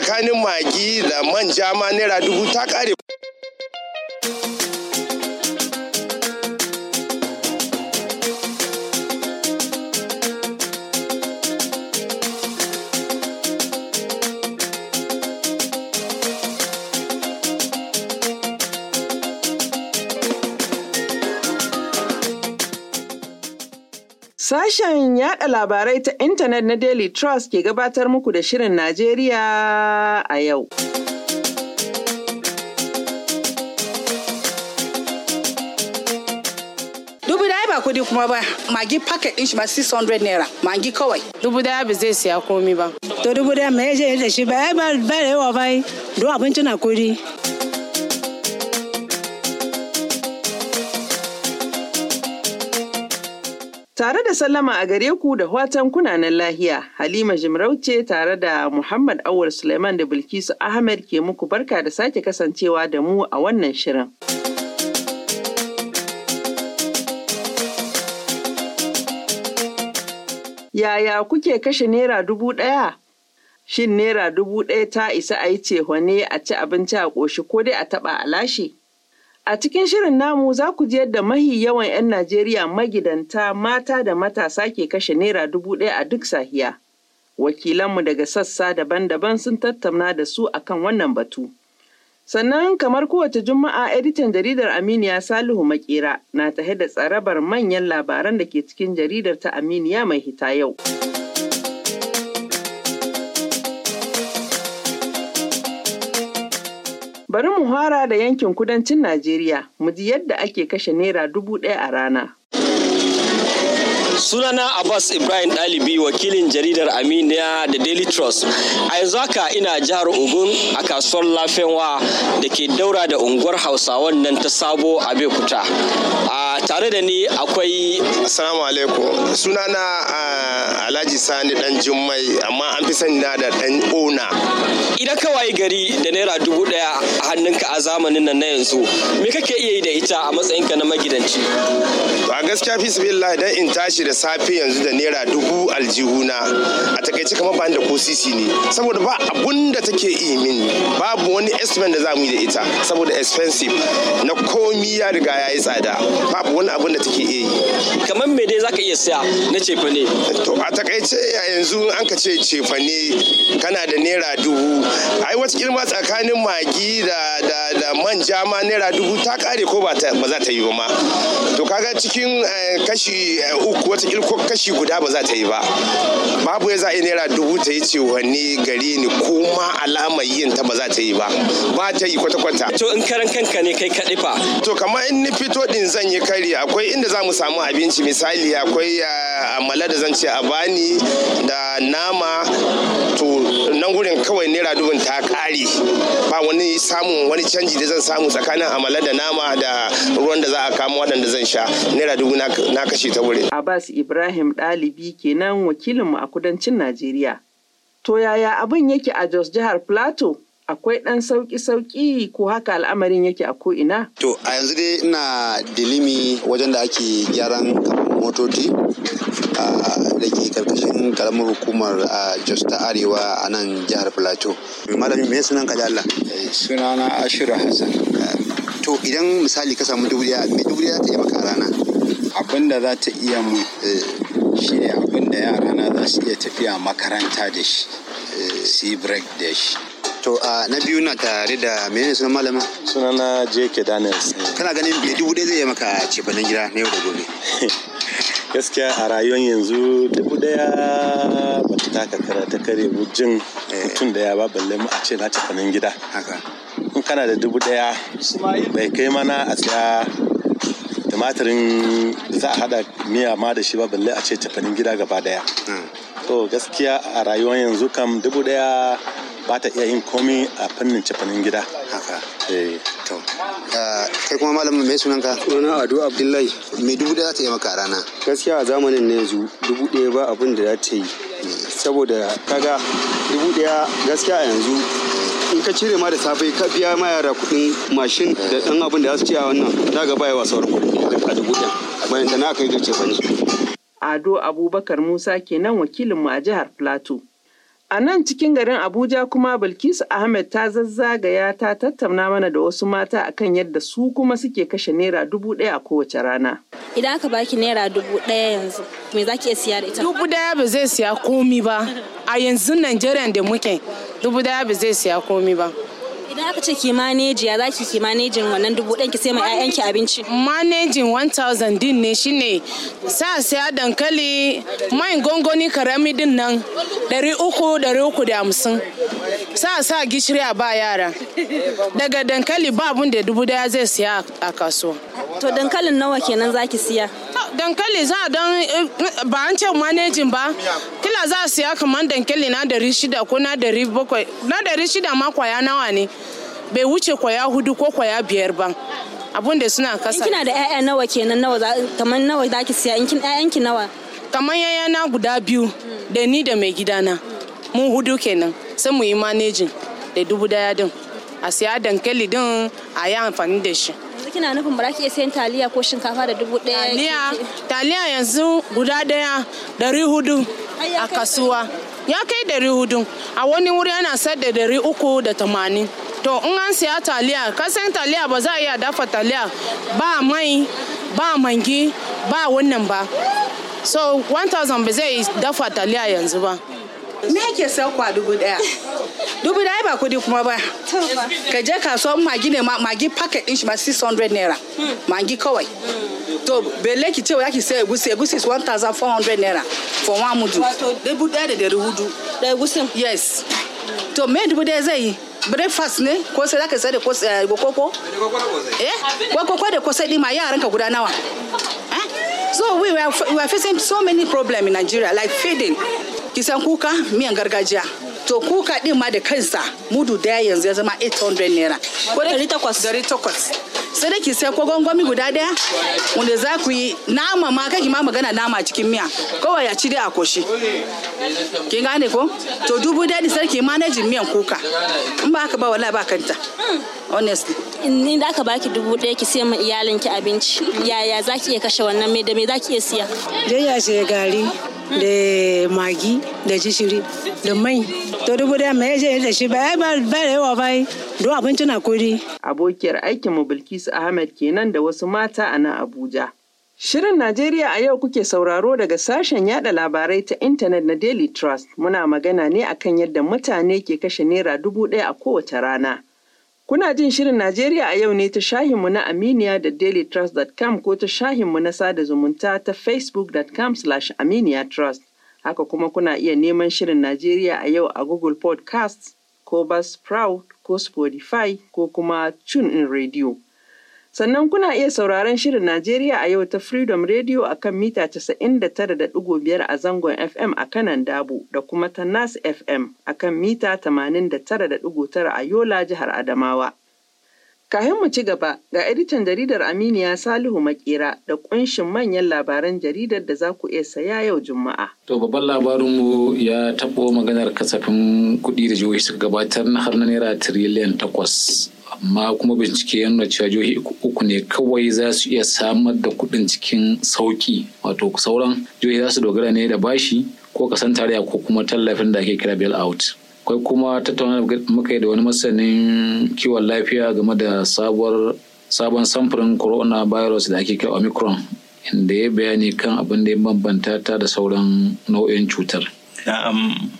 tsakanin magi da manja ma naira dubu ta kare Sashen yada labarai ta intanet na Daily Trust ke gabatar muku da Shirin Najeriya a yau. Dubu daya ba kudi kuma ba, magi packet ɗin shi ba 600 naira, magi kawai. Dubu daya ba zai siya komi ba. To dubu daya mai yaje da shi ba, ba da yawa bai, do abinci na kudi. Tare da sallama a gare ku da watan kunanan lahiya, Halima Jimarauce tare da Muhammad Awar Suleiman da Bilkisu Ahmed ke muku barka da sake kasancewa da mu a wannan shirin. Yaya kuke kashe Naira dubu ɗaya? Shin Naira dubu ɗaya ta isa a yi cehone a ci abinci a ƙoshi ko dai a taɓa a lashe? A cikin shirin namu za ku ji yadda mahi yawan 'yan Najeriya magidanta mata da matasa ke kashe Naira dubu ɗaya a duk sahiya. Wakilanmu daga sassa daban-daban sun tattauna da su akan wannan batu. Sannan kamar kowace Juma'a editan jaridar Aminiya Salihu Makera na tahe da tsarabar manyan labaran da ke cikin jaridar ta Aminiya mai hita yau. Bari mu fara da yankin kudancin Najeriya mu ji yadda ake kashe Naira dubu ɗaya a rana. sunana abbas ibrahim dalibi wakilin jaridar aminiya da daily trust a yanzu haka ina jihar ogun a kasuwar lafenwa da ke daura da unguwar hausawan nan ta sabo a bekuta a tare da ni akwai assalamu alaikum sunana ah, alhaji sani dan jummai amma an fi sani na da dan ona idan ka waye gari da naira dubu daya a hannunka a zamanin nan na yanzu me kake iya yi da ita a matsayinka na magidanci a gaskiya fi dan in tashi da safe yanzu da naira dubu aljihuna a takaice kamar ba da ko sisi ne saboda ba abun da take yi min babu wani estimate da za mu yi da ita saboda expensive na komi ya riga ya yi tsada babu wani abun da take yi kamar me dai zaka iya saya na cefa ne to a takaice ya yanzu an ka ce cefa ne kana da naira dubu ai wata kilma tsakanin magi da da da manja ma naira dubu ta kare ko ba za ta yi ba ma to kaga cikin eh, kashi eh, uku wata ko kashi guda ba za ta yi ba babu ya za a naira dubu ta yi ce wani gari ne ko ma alamar yin ta ba za ta yi ba ba ta yi kwata-kwata to in karan kanka ne kai kaɗi fa to kamar in ni fito din zan yi kari akwai inda za mu samu abinci misali akwai eh, amala da zan ce a bani da nama wurin kawai naira dubin ta kare ba wani samun wani canji da zan samu tsakanin amala da nama da ruwan da za a kama waɗanda zan sha naira dubu na kashe ta wurin. Abbas Ibrahim ɗalibi kenan wakilin mu a kudancin Najeriya. To yaya abin yake a Jos jihar Plateau? akwai ɗan sauƙi-sauƙi ko haka al'amarin yake a ko'ina? To a yanzu dai ina dilimi wajen da ake gyaran motoci ah, da ke karkashin cikin karamar hukumar a Jos ta Arewa a nan jihar Plateau. Malami me sunan ka da Allah? Eh, sunana Ashiru Hassan. To idan misali ka samu dubu ɗaya, me dubu ɗaya za ta iya maka rana? Abin da za ta iya mu eh. shi ne abin da yara na za su iya tafiya makaranta da shi, eh. sea break da shi. to a na biyu na tare da menene sunan malama sunana jk daniels kana ganin bai dubu ɗaya zai yi maka cefanen gida na yau da gobe gaskiya a rayuwar yanzu dubu daya ba ta taka kara ta kare jin eh. mutum ya ba balle mu a ce na tafanin gida in kana da dubu daya bai kai mana a tsaya tumatirin za a hada miya ma da shi ba balle a ce tafanin gida gaba daya hmm. to gaskiya a rayuwar yanzu kam dubu daya ba ta iya yin komai a fannin cefanen gida haka eh, to ah, kai kuma malamin mai sunan ka sunan ado abdullahi me dubu da za ta yi maka rana gaskiya a zamanin ne yanzu dubu ɗaya ba abin da za ta yi saboda kaga dubu ɗaya gaskiya a yanzu in ka cire ma da safe ka biya ma yara kuɗin mashin da ɗan abin da za su ci a wannan za ga baya wasa wani kuɗi a dubu ɗaya bayan da na kai ga ce Ado Abubakar Musa kenan wakilinmu a jihar Plateau. A nan cikin garin Abuja kuma Bilkisu Ahmed ta zazzagaya ta tattauna mana da wasu mata akan yadda su kuma suke kashe naira dubu ɗaya a kowace rana. Idan aka baki naira dubu ɗaya yanzu me za ki iya siya da ita? Dubu ɗaya ba zai siya komi ba. A yanzu Najeriya da muke dubu ɗaya ba zai siya komi ba. Idan aka ce ki manejiya, ya za ki ki manejin wannan dubu ɗan ki sai ma ki abinci. Manejin 1000 din ne shine sa saya dankali mai gongoni karami din nan 300 350. Sa sa gishiri a ba yara. Daga dankali ba abun da dubu daya zai siya a kasuwa. To dankalin nawa kenan za ki siya? dankali za a don eh, ba an ce manejin ba kila za a siya kamar dankali na dari shida ko na dari bakwai na dari shida ma kwaya nawa ne bai wuce kwaya hudu ko kwaya biyar ba abun da suna kasa kina da 'ya'ya nawa kenan nawa kamar nawa za ki siya in kin 'ya'yanki nawa kamar na guda biyu da ni da mai gidana mu hudu kenan sai mu yi manejin da dubu daya din a siya dankali din a yi amfani da shi kina nufin ba ki iya sayan taliya ko shinkafa da dubu ɗaya taliya taliya yanzu guda ɗaya ɗari hudu a kasuwa ya kai ɗari hudu a wani wuri yana sayar da ɗari uku da tamanin to in an siya taliya kasan taliya ba za a iya dafa taliya ba mai ba mangi ba wannan ba so 1000 ba zai dafa taliya yanzu ba me yake sauka dubu ɗaya dubu da ba kudi kuma ba ka je kasuwa in magi ne magi packet din shi ma 600 naira hmm. magi kawai to bele ki cewa yaki sai egusi egusi 1400 naira for one mudu dubu daya da dari hudu da egusi. yes to me dubu da zai yi breakfast ne ko sai zaka sai da koko eh koko eh? da sai din ma yaran ka guda nawa eh? so we were, we were facing so many problems in nigeria like feeding kisan kuka miyan gargajiya to kuka din ma da kansa mudu daya yanzu ya zama 800 naira ko 800 sai da ki sai ko gwangwami guda daya wanda za ku yi nama ma kake ma magana nama cikin miya Kowa ya ci dai a koshi kin gane ko to dubu daya ne sarki manajin miyan kuka in ba haka ba wallahi ba kanta honestly Ni da aka baki dubu daya ki sai ma iyalin ki abinci yaya za ki iya kashe wannan me da me ki iya siya dai ya je gari da magi da gishiri da mai to dubu da mai je da shi ba ba da yawa ba don abinci na kuri abokiyar aikin mu Bilkisu Ahmed kenan da wasu mata a nan Abuja Shirin Najeriya a yau kuke sauraro daga sashen yada labarai ta intanet na Daily Trust muna magana ne akan yadda mutane ke kashe naira dubu ɗaya a kowace rana Kuna jin Shirin Najeriya a yau ne ta shahinmu na Aminiya da dailytrust.com ko ta shahinmu na sada zumunta ta facebookcom aminiyatrust Haka kuma kuna iya neman Shirin Najeriya a yau a Google Podcasts ko Buzzsprout ko Spotify ko kuma TuneIn Radio. Sannan kuna iya sauraron Shirin Najeriya a yau ta Freedom Radio a kan mita 99.5 a zangon FM a kanan Dabo da kuma ta Nas FM a kan mita 89.9 a Yola jihar Adamawa. Kahin mu ci gaba ga editan jaridar Aminiya Salihu Makera da kunshin manyan labaran jaridar da za ku iya saya yau Juma'a. To babban labarinmu ya taɓo maganar kasafin kuɗi da jihohi suka gabatar na har na naira tiriliyan takwas. amma kuma bincike yana cewa jihohi uku ne kawai za su iya samar da kuɗin cikin sauki wato sauran jihohi za su dogara ne da bashi ko kasan tarayya ko kuma tallafin da ake kira bail out kai kuma tattauna muka yi da wani masanin kiwon lafiya game da sabuwar sabon samfurin corona virus da ake kira omicron inda ya bayani kan abin da ya bambanta ta da sauran nau'in cutar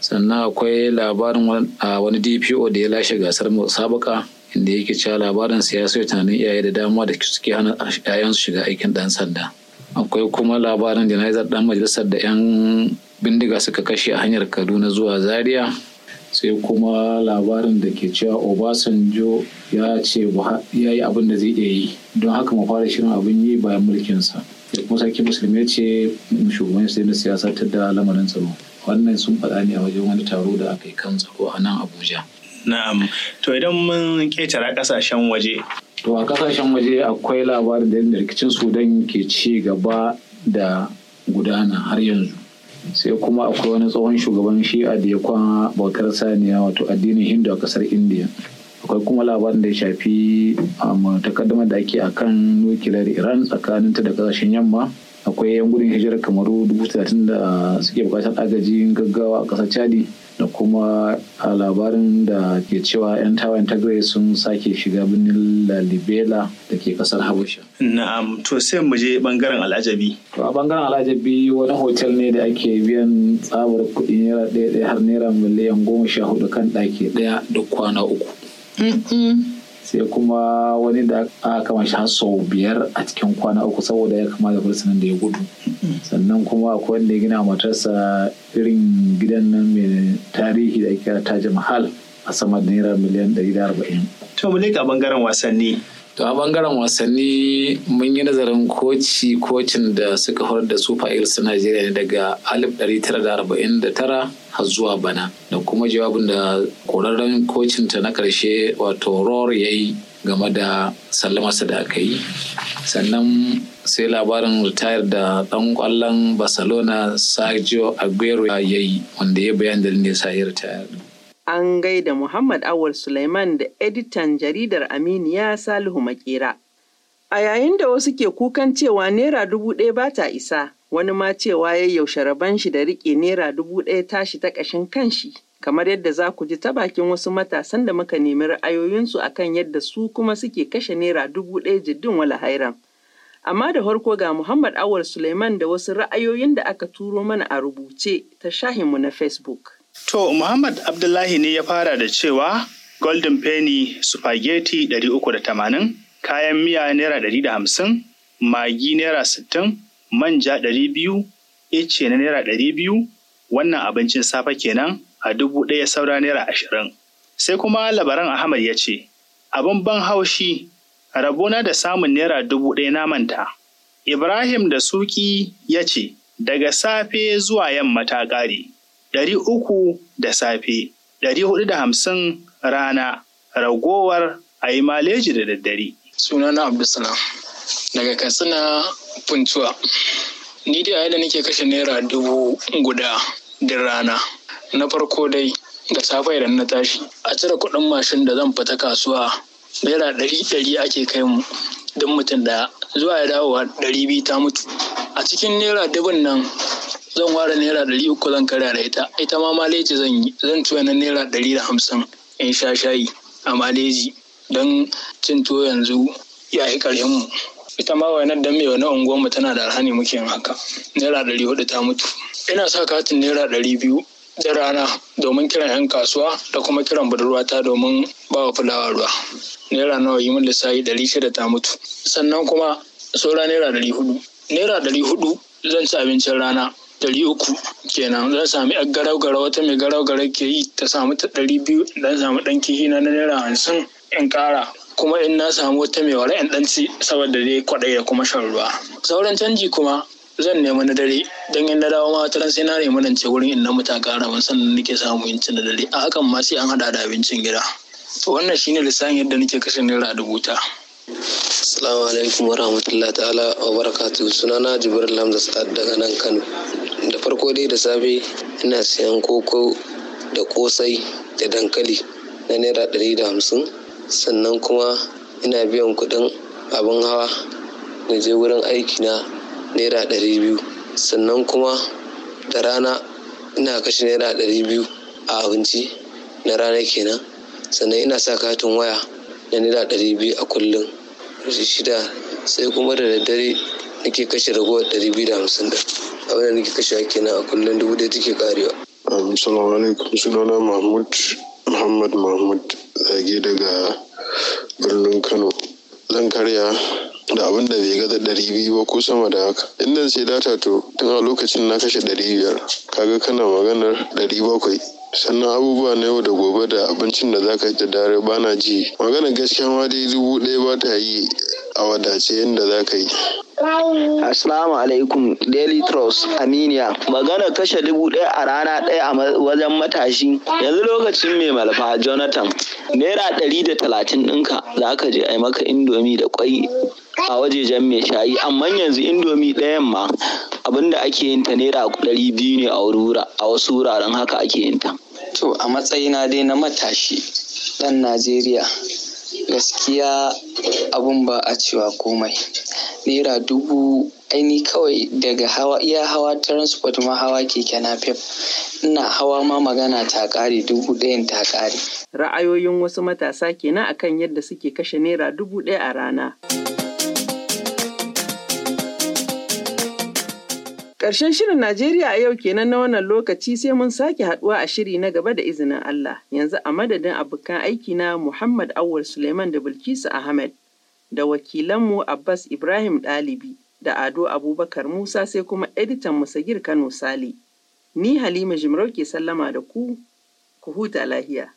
sannan akwai labarin wani dpo da ya lashe gasar sabuka inda yake cewa labarin siyasa ya tunanin iyaye da dama da suke hana ‘ya'yansu shiga aikin ɗan sanda. Akwai kuma labarin jana'izar dan majalisar da ‘yan bindiga suka kashe a hanyar Kaduna zuwa Zaria. Sai kuma labarin da ke cewa Obasanjo ya ce ya yi abin da zai iya yi don haka mu fara shirin abin yi bayan mulkinsa. Da kuma sarki musulmi ce shugaban sai na siyasa ta da lamarin tsaro. Wannan sun faɗa ne a wajen wani taro da aka yi kan tsaro a nan Abuja. Na'am. To idan mun ƙetara kasashen waje. To a ƙasashen waje akwai labarin da yadda rikicin Sudan ke ci gaba da gudana har yanzu. Sai kuma akwai wani tsohon shugaban shi a da ya kwana bautar saniya wato addinin Hindu a kasar Indiya. Akwai kuma labarin da ya shafi um, takaddama da ake a kan nukiliyar Iran tsakaninta da kasashen yamma. Akwai yan gudun hijirar kamaru dubu talatin da suke buƙatar agajin gaggawa a ƙasar Chadi. da kuma a labarin da ke cewa 'yan tawayen tigray sun sake shiga birnin lalibela da ke kasar habasha na'am to sai mu je bangaren alajabi a bangaren alajabi wani hotel ne da ake biyan tsabar kuɗi naira ɗaya har naira miliyan goma sha hudu kan ɗaki ɗaya da kwana uku sai kuma wani da aka kama shi har sau biyar a cikin kwana uku saboda ya kama da fursunan da ya gudu sannan kuma akwai wanda ya gina matarsa irin gidan nan mai tarihi da ake kira Taj Mahal a sama da naira miliyan 140. To mu leƙa bangaren wasanni to a bangaren wasanni mun yi nazarin koci kocin da suka horar da super eagles na najeriya ne daga 1949 har zuwa bana da kuma jawabin da kocin kocinta na ƙarshe wato ror ya yi game da sallamarsa da yi sannan sai labarin ritayar da ɗan ƙwallon barcelona sergio aguero ya yi wanda ya bayan dalilin da ya sa ya retire. An gaida Muhammad Awul Sulaiman da editan jaridar Aminiya Salihu Makera. A yayin da wasu ke kukan cewa Naira dubu ɗaya ba ta isa, wani ma cewa ya yaushe rabon shi da riƙe Naira dubu ɗaya tashi ta ƙashin shi Kamar yadda za ku ji ta bakin wasu matasan da muka nemi ra'ayoyinsu a kan yadda su kuma suke kashe Naira dubu ɗaya jiddin wala hairan. Amma da farko ga Muhammad Awul Suleiman da wasu ra'ayoyin da aka turo mana a rubuce ta shahinmu na Facebook. To, Muhammad Abdullahi ne ya fara da cewa Golden Penny Spaghetti 380, kayan miya Naira 150, magi Naira 60, manja 200, ice na Naira 200, wannan abincin safe kenan a dubu ɗaya saura Naira 20. Sai kuma labaran Ahmad ya ce, Abin ban haushi, rabona da samun Naira dubu ɗaya na manta. Ibrahim da Suki ya ce, Daga safe zuwa yamma ta ƙare. ɗari uku da safe, ɗari hudu da hamsin rana, ragowar a yi maleji da daddare. Sunana Abdulsalam daga Katsina Funtuwa. Ni dai da nake kashe naira dubu guda din rana. Na farko dai da safe idan na tashi. A cire kuɗin mashin da zan fita kasuwa naira ɗari ɗari ake kai mu don mutum da zuwa ya dawowa ɗari biyu ta mutu. A cikin naira dubun nan zan ware naira ɗari uku zan karya da ita ita ma maleji zan yi zan ci na naira ɗari da hamsin in sha shayi a maleji don cin tuwo yanzu ya yi ƙarfin mu ita ma wainar da mai wani unguwar mu tana da alhani muke haka naira ɗari hudu ta mutu ina sa katin naira ɗari biyu da rana domin kiran 'yan kasuwa da kuma kiran budurwata domin ba wa fulawa ruwa naira nawa yi min lissafi ɗari shida ta mutu sannan kuma saura naira ɗari hudu naira ɗari hudu zan ci abincin rana Dari uku kenan za sami yar garau-garau wata mai garau-garau ke yi ta samu ta dari biyu dan samu dan kihi na naira hamsin in kara kuma in na samu wata mai wara yan ɗanci saboda dai kwaɗayi da kuma shan ruwa sauran canji kuma zan nemi na dare don yin na dawo ma sai na nemi nan ce wurin in na muta ƙara ban sannan nake samu yanci na dare a hakan ma sai an hada da abincin gida to wannan shine lissafin yadda nake kashe naira dubu ta Assalamu alaikum wa rahmatullahi ta'ala wa barakatu sunana Jibril Hamza Sa'ad daga nan Kano farko dai da safe ina siyan koko da kosai da dankali na naira ɗari da hamsin sannan kuma ina biyan kuɗin abin hawa na je wurin aiki na naira ɗari biyu sannan kuma da rana ina kashe naira ɗari biyu a abinci na rana kenan sannan ina sa katin waya na naira ɗari biyu a kullum shida sai kuma da daddare nake kashe ragowar ɗari biyu da hamsin da abin da nake kashe kenan a kullum dubu da take karewa. Um, Assalamu alaikum sunana Mahmud Muhammad Mahmud zage daga birnin Kano. Zan karya da abin da bai gaza ɗari biyu ba ko sama da haka. In sai data to tun a lokacin na kashe ɗari biyar kaga kana maganar ɗari bakwai. sannan abubuwa na yau da gobe da abincin da zaka yi da dare bana ji maganar gaskiya ma dai dubu ɗaya ba ta yi a wadace yadda zaka yi Assalamu alaikum Daily Trust Aminiya. Magana kashe dubu ɗaya a rana ɗaya a wajen matashi. Yanzu lokacin mai malfa Jonathan. Naira ɗari da talatin ɗinka za ka je a maka indomi da kwai a wajejen mai shayi amma yanzu indomi ɗayan ma abinda ake yin ta naira ɗari biyu ne a wasu wuraren haka ake yin ta. To a matsayina dai na matashi ɗan Najeriya gaskiya abun ba a cewa komai. naira dubu aini kawai daga hawa iya hawa transport ma hawa keke PEP ina hawa ma magana ta ƙare dubu ɗayan ta ƙare. ra'ayoyin wasu matasa kenan akan yadda suke kashe naira dubu ɗaya a rana. Ƙarshen shirin Najeriya a yau kenan na wannan lokaci sai mun sake haduwa a shiri na gaba da izinin Allah. Yanzu a madadin abokan aiki na Muhammad Awul Suleiman da Bilkisu Ahmed. da wakilanmu Abbas Ibrahim Ɗalibi da Ado Abubakar Musa sai kuma editanmu Sagir Kano Sale. Ni Halima Jimarau ke sallama da ku, ku huta lahiya.